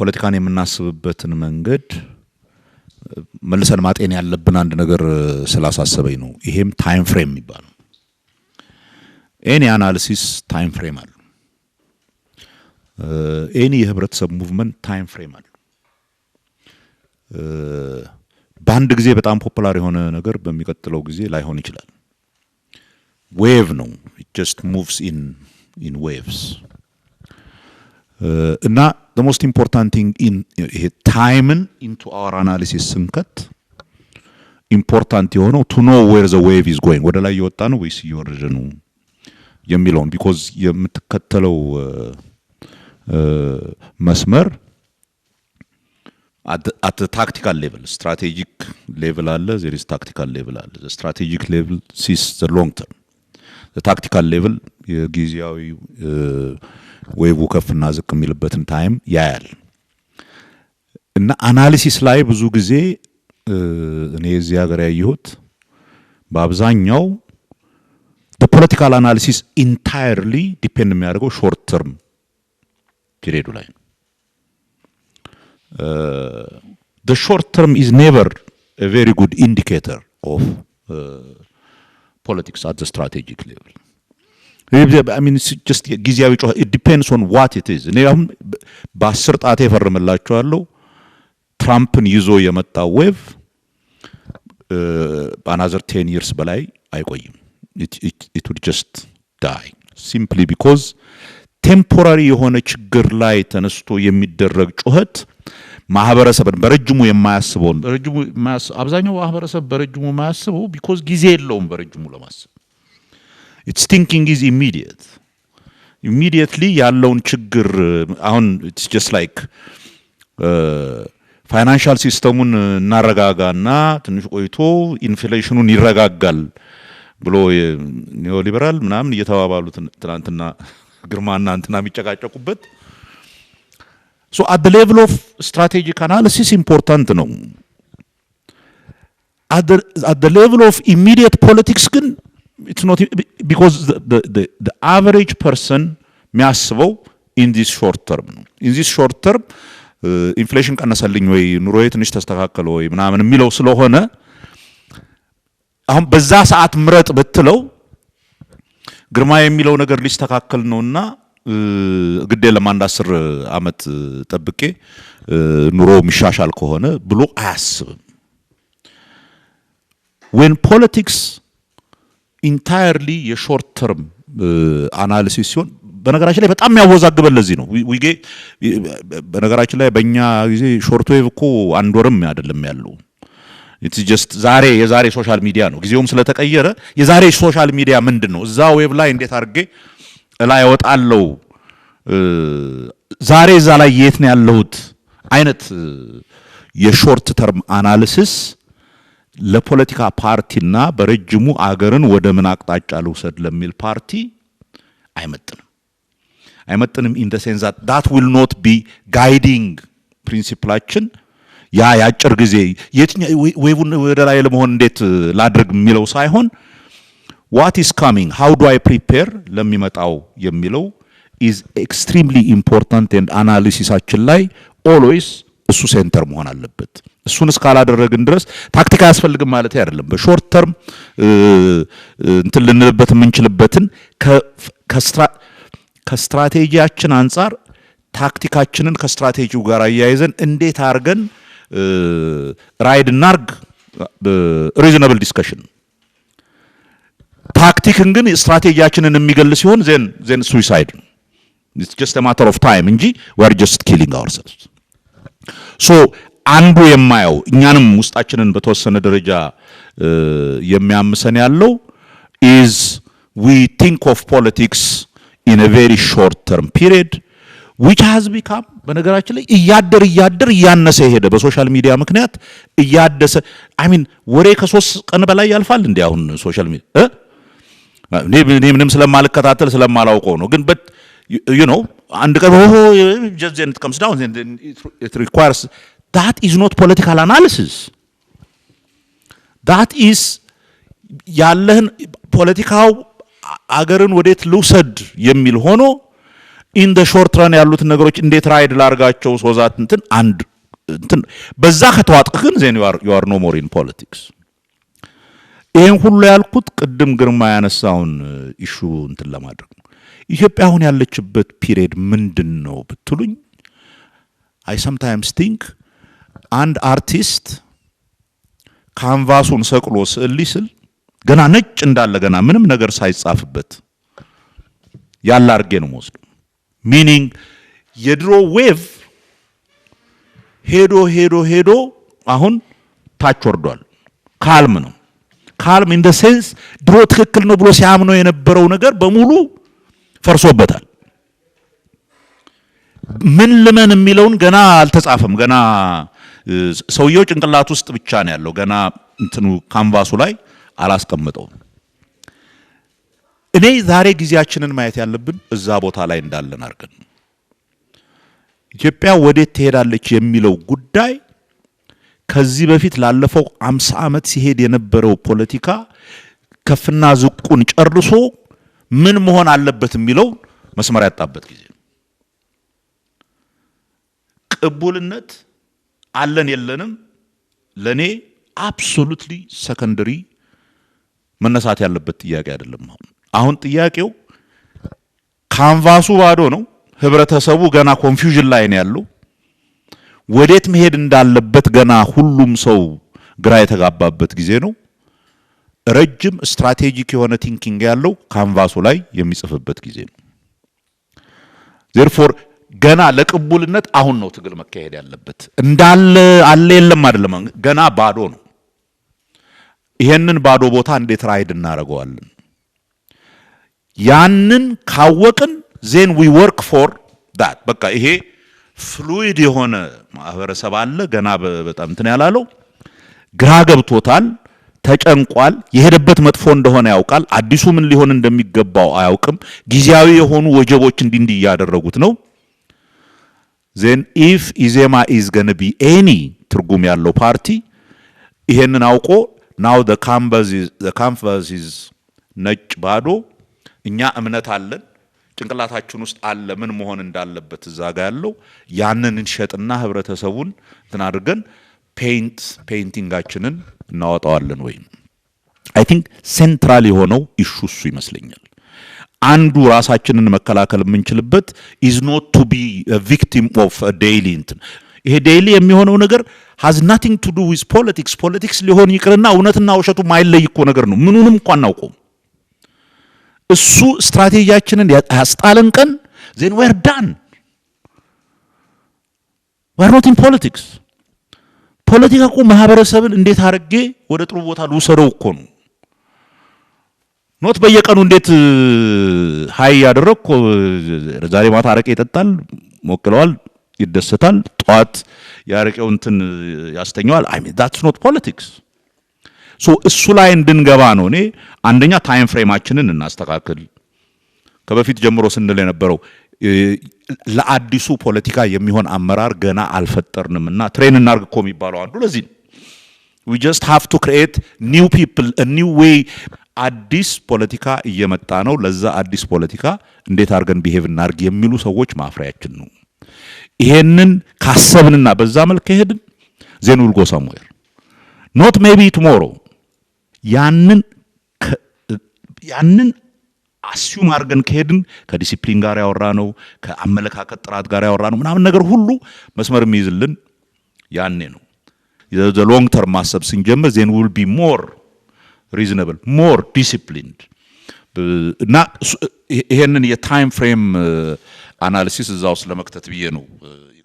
ፖለቲካን የምናስብበትን መንገድ መልሰን ማጤን ያለብን አንድ ነገር ስላሳሰበኝ ነው። ይሄም ታይም ፍሬም የሚባለው ኤኒ አናሊሲስ ታይም ፍሬም አሉ። ኤኒ የህብረተሰብ ሙቭመንት ታይም ፍሬም አሉ። በአንድ ጊዜ በጣም ፖፑላር የሆነ ነገር በሚቀጥለው ጊዜ ላይሆን ይችላል። ዌቭ ነው። ኢት ጀስት ሙቭስ ኢን ዌቭስ Uh, እና ዘ ሞስት ኢምፖርታንት ቲንግ ታይምን ኢንቱ አወር አናሊሲስ ስንከት ኢምፖርታንት የሆነው ቱ ኖ ዌር ዘ ዌቭ ኢዝ ጎይንግ ወደ ላይ እየወጣ ነው ወይስ እየወረደ ነው የሚለውን ቢኮዝ የምትከተለው uh, uh, መስመር አት ታክቲካል ሌቭል ስትራቴጂክ ሌቭል አለ ዜር ታክቲካል ሌቭል አለ ስትራቴጂክ ሌቭል ሲስ ዘ ሎንግ ተርም ታክቲካል ሌቭል የጊዜያዊ ዌቡ ከፍና ዝቅ የሚልበትን ታይም ያያል እና አናሊሲስ ላይ ብዙ ጊዜ እኔ እዚህ ሀገር ያየሁት በአብዛኛው ፖለቲካል አናሊሲስ ኢንታየርሊ ዲፔንድ የሚያደርገው ሾርት ተርም ፒሪዱ ላይ ነው። ሾርት ተርም ኢዝ ኔቨር ቬሪ ጉድ ኢንዲኬተር ኦፍ politics at the strategic level ጊዜያዊ ጨዋታ ዲፔንድስ ኦን ዋት ኢት ኢዝ። እኔ አሁን በአስር ጣቴ እፈርምላቸዋለሁ ትራምፕን ይዞ የመጣው ዌቭ አናዘር ቴን ይርስ በላይ አይቆይም። ኢት ውድ ጀስት ዳይ ሲምፕሊ ቢኮዝ ቴምፖራሪ የሆነ ችግር ላይ ተነስቶ የሚደረግ ጩኸት ማህበረሰብን በረጅሙ የማያስበውን በረጅሙ አብዛኛው ማህበረሰብ በረጅሙ የማያስበው ቢኮዝ ጊዜ የለውም በረጅሙ ለማሰብ ኢትስ ቲንኪንግ ኢዝ ኢሚዲየት ኢሚዲየትሊ ያለውን ችግር አሁን ኢትስ ጀስት ላይክ ፋይናንሻል ሲስተሙን እናረጋጋና ትንሽ ቆይቶ ኢንፍሌሽኑን ይረጋጋል ብሎ ኒዮሊበራል ምናምን እየተባባሉ ትናንትና ግርማና እንትና የሚጨቃጨቁበት So at the level of strategic analysis, important ነው። at the, at the level of immediate politics ግን it's not because the, the, the, the average person የሚያስበው in this short term ነው። in this short term ኢንፍሌሽን ቀነሰልኝ ወይ ኑሮዬ ትንሽ ተስተካከለ ወይ ምናምን የሚለው ስለሆነ አሁን በዛ ሰዓት ምረጥ ብትለው ግርማ የሚለው ነገር ሊስተካከል ነውና ግዴ ለማንድ አስር ዓመት ጠብቄ ኑሮ የሚሻሻል ከሆነ ብሎ አያስብም። ዌን ፖለቲክስ ኢንታየርሊ የሾርት ተርም አናሊሲስ ሲሆን በነገራችን ላይ በጣም ያወዛግበን። ለዚህ ነው ዊጌ በነገራችን ላይ በእኛ ጊዜ ሾርት ዌቭ እኮ አንድ ወርም አይደለም ያለው ጀስት ዛሬ የዛሬ ሶሻል ሚዲያ ነው። ጊዜውም ስለተቀየረ የዛሬ ሶሻል ሚዲያ ምንድን ነው እዛ ዌቭ ላይ እንዴት አድርጌ ላይ ወጣለው ዛሬ እዛ ላይ የት ነው ያለሁት አይነት የሾርት ተርም አናሊሲስ ለፖለቲካ ፓርቲና በረጅሙ አገርን ወደ ምን አቅጣጫ ልውሰድ ለሚል ፓርቲ አይመጥንም አይመጥንም። ኢን ደ ሴንስ ዛት ዳት ዊል ኖት ቢ ጋይዲንግ ፕሪንሲፕላችን ያ የአጭር ጊዜ የትኛው ወደ ላይ ለመሆን እንዴት ላድርግ የሚለው ሳይሆን ዋት ኢዝ ካሚንግ ሃው ዱ አይ ፕሪፔር ለሚመጣው የሚለው ኢዝ ኤክስትሪምሊ ኢምፖርታንት ኤንድ አናሊሲሳችን ላይ ኦልዌይስ እሱ ሴንተር መሆን አለበት። እሱን እስካላደረግን ድረስ ታክቲክ አያስፈልግም ማለት አይደለም። በሾርት ተርም እንትን ልንልበት የምንችልበትን ከስትራቴጂያችን አንጻር ታክቲካችንን ከስትራቴጂው ጋር አያይዘን እንዴት አድርገን ራይድ እናርግ ሪዝነብል ዲስከሽን ታክቲክን ግን ስትራቴጂያችንን የሚገል ሲሆን ዜን ሱሳይድ ነው። ጀስት ማተር ኦፍ ታይም እንጂ ወር ጀስት ኪሊንግ አወርሰልስ። ሶ አንዱ የማየው እኛንም ውስጣችንን በተወሰነ ደረጃ የሚያምሰን ያለው ኢዝ ዊ ቲንክ ኦፍ ፖለቲክስ ኢን ቬሪ ሾርት ተርም ፒሪድ ዊች ሀዝ ቢካም በነገራችን ላይ እያደር እያደር እያነሰ የሄደ በሶሻል ሚዲያ ምክንያት እያደሰ አይ ሚን ወሬ ከሶስት ቀን በላይ ያልፋል እንዲ አሁን ሶሻል ሚዲያ እኔ ምንም ስለማልከታተል ስለማላውቀው ነው። ግን በት ዩ ኖ አንድ ቀን ሆ ከምስ ዳውን ኢት ሪኳየርስ ዳት ኢዝ ኖት ፖለቲካል አናሊሲስ ዳት ኢዝ ያለህን ፖለቲካው አገርን ወዴት ልውሰድ የሚል ሆኖ ኢን ደ ሾርት ረን ያሉትን ነገሮች እንዴት ራይድ ላርጋቸው ሶዛት እንትን አንድ እንትን በዛ ከተዋጥቅ ግን ዜን ዩ አር ኖ ሞር ኢን ፖለቲክስ ይህን ሁሉ ያልኩት ቅድም ግርማ ያነሳውን ኢሹ እንትን ለማድረግ ነው። ኢትዮጵያ አሁን ያለችበት ፒሪየድ ምንድን ነው ብትሉኝ አይ ሰምታይምስ ቲንክ አንድ አርቲስት ካንቫሱን ሰቅሎ ስዕል ሊስል ገና ነጭ እንዳለ ገና ምንም ነገር ሳይጻፍበት ያለ አድርጌ ነው መወስዱ። ሚኒንግ የድሮ ዌቭ ሄዶ ሄዶ ሄዶ አሁን ታች ወርዷል። ካልም ነው ካልም ኢን ደ ሴንስ ድሮ ትክክል ነው ብሎ ሲያምነው የነበረው ነገር በሙሉ ፈርሶበታል። ምን ልመን የሚለውን ገና አልተጻፈም። ገና ሰውየው ጭንቅላት ውስጥ ብቻ ነው ያለው። ገና እንትኑ ካንቫሱ ላይ አላስቀምጠውም። እኔ ዛሬ ጊዜያችንን ማየት ያለብን እዛ ቦታ ላይ እንዳለን አድርገን ኢትዮጵያ ወዴት ትሄዳለች የሚለው ጉዳይ ከዚህ በፊት ላለፈው አምሳ ዓመት ሲሄድ የነበረው ፖለቲካ ከፍና ዝቁን ጨርሶ ምን መሆን አለበት የሚለው መስመር ያጣበት ጊዜ ነው። ቅቡልነት አለን የለንም ለእኔ አብሶሉትሊ ሰከንደሪ መነሳት ያለበት ጥያቄ አይደለም። አሁን አሁን ጥያቄው ካንቫሱ ባዶ ነው። ህብረተሰቡ ገና ኮንፊውዥን ላይ ነው ያለው። ወዴት መሄድ እንዳለበት ገና ሁሉም ሰው ግራ የተጋባበት ጊዜ ነው። ረጅም ስትራቴጂክ የሆነ ቲንኪንግ ያለው ካንቫሱ ላይ የሚጽፍበት ጊዜ ነው። ዜርፎር ገና ለቅቡልነት አሁን ነው ትግል መካሄድ ያለበት። እንዳለ አለ የለም አይደለም፣ ገና ባዶ ነው። ይሄንን ባዶ ቦታ እንዴት ራይድ እናደርገዋለን? ያንን ካወቅን ዜን ዊ ወርክ ፎር ዳት በቃ ይሄ ፍሉይድ የሆነ ማህበረሰብ አለ። ገና በጣም እንትን ያላለው ግራ ገብቶታል፣ ተጨንቋል። የሄደበት መጥፎ እንደሆነ ያውቃል። አዲሱ ምን ሊሆን እንደሚገባው አያውቅም። ጊዜያዊ የሆኑ ወጀቦች እንዲህ እንዲህ እያደረጉት ነው። ዜን ኢፍ ኢዜማ ኢዝ ገን ቢ ኤኒ ትርጉም ያለው ፓርቲ ይሄንን አውቆ ናው ዘ ኢዝ ነጭ ባዶ፣ እኛ እምነት አለን ጭንቅላታችን ውስጥ አለ ምን መሆን እንዳለበት እዛ ጋ ያለው ያንን እንሸጥና ህብረተሰቡን እንትን አድርገን ፔይንት ፔይንቲንጋችንን እናወጣዋለን። ወይም አይ ቲንክ ሴንትራል የሆነው ኢሹ እሱ ይመስለኛል። አንዱ ራሳችንን መከላከል የምንችልበት ኢዝ ኖት ቱ ቢ ቪክቲም ኦፍ ዴይሊ እንትን ይሄ ዴይሊ የሚሆነው ነገር ሀዝ ናቲንግ ቱ ዱ ዊዝ ፖለቲክስ ፖለቲክስ ሊሆን ይቅርና እውነትና ውሸቱ ማይለይ እኮ ነገር ነው። ምኑንም እንኳ አናውቀውም። እሱ ስትራቴጂያችንን ያስጣለን ቀን ዜን ዌር ዳን ዌር ኖት ኢን ፖለቲክስ። ፖለቲካ እኮ ማህበረሰብን እንዴት አድርጌ ወደ ጥሩ ቦታ ልውሰደው እኮ ነው። ኖት በየቀኑ እንዴት ሀይ ያደረግ ዛሬ ማታ አረቄ ይጠጣል፣ ሞክለዋል ይደሰታል። ጠዋት የአረቄው እንትን ያስተኘዋል። አይ ሚን ዛትስ ኖት ፖለቲክስ። ሶ እሱ ላይ እንድንገባ ነው። እኔ አንደኛ ታይም ፍሬማችንን እናስተካክል። ከበፊት ጀምሮ ስንል የነበረው ለአዲሱ ፖለቲካ የሚሆን አመራር ገና አልፈጠርንም እና ትሬን እናርግ እኮ የሚባለው አንዱ ለዚህ ነው። ዊ ጀስት ሃቭ ቱ ክሪኤት ኒው ፒፕል ኒው ዌይ። አዲስ ፖለቲካ እየመጣ ነው። ለዛ አዲስ ፖለቲካ እንዴት አድርገን ቢሄቭ እናርግ የሚሉ ሰዎች ማፍሪያችን ነው። ይሄንን ካሰብንና በዛ መልክ ከሄድን ዜን ዊል ጎ ሰምዌር ኖት ሜቢ ቱሞሮው። ያንን ያንን አስዩም አድርገን ከሄድን ከዲሲፕሊን ጋር ያወራ ነው ከአመለካከት ጥራት ጋር ያወራ ነው ምናምን ነገር ሁሉ መስመር የሚይዝልን ያኔ ነው። ዘ ሎንግ ተርም ማሰብ ስንጀምር ዜን ል ቢ ሞር ሪዝነብል ሞር ዲሲፕሊንድ እና ይሄንን የታይም ፍሬም uh, አናሊሲስ እዛ ውስጥ ለመክተት ብዬ ነው። uh,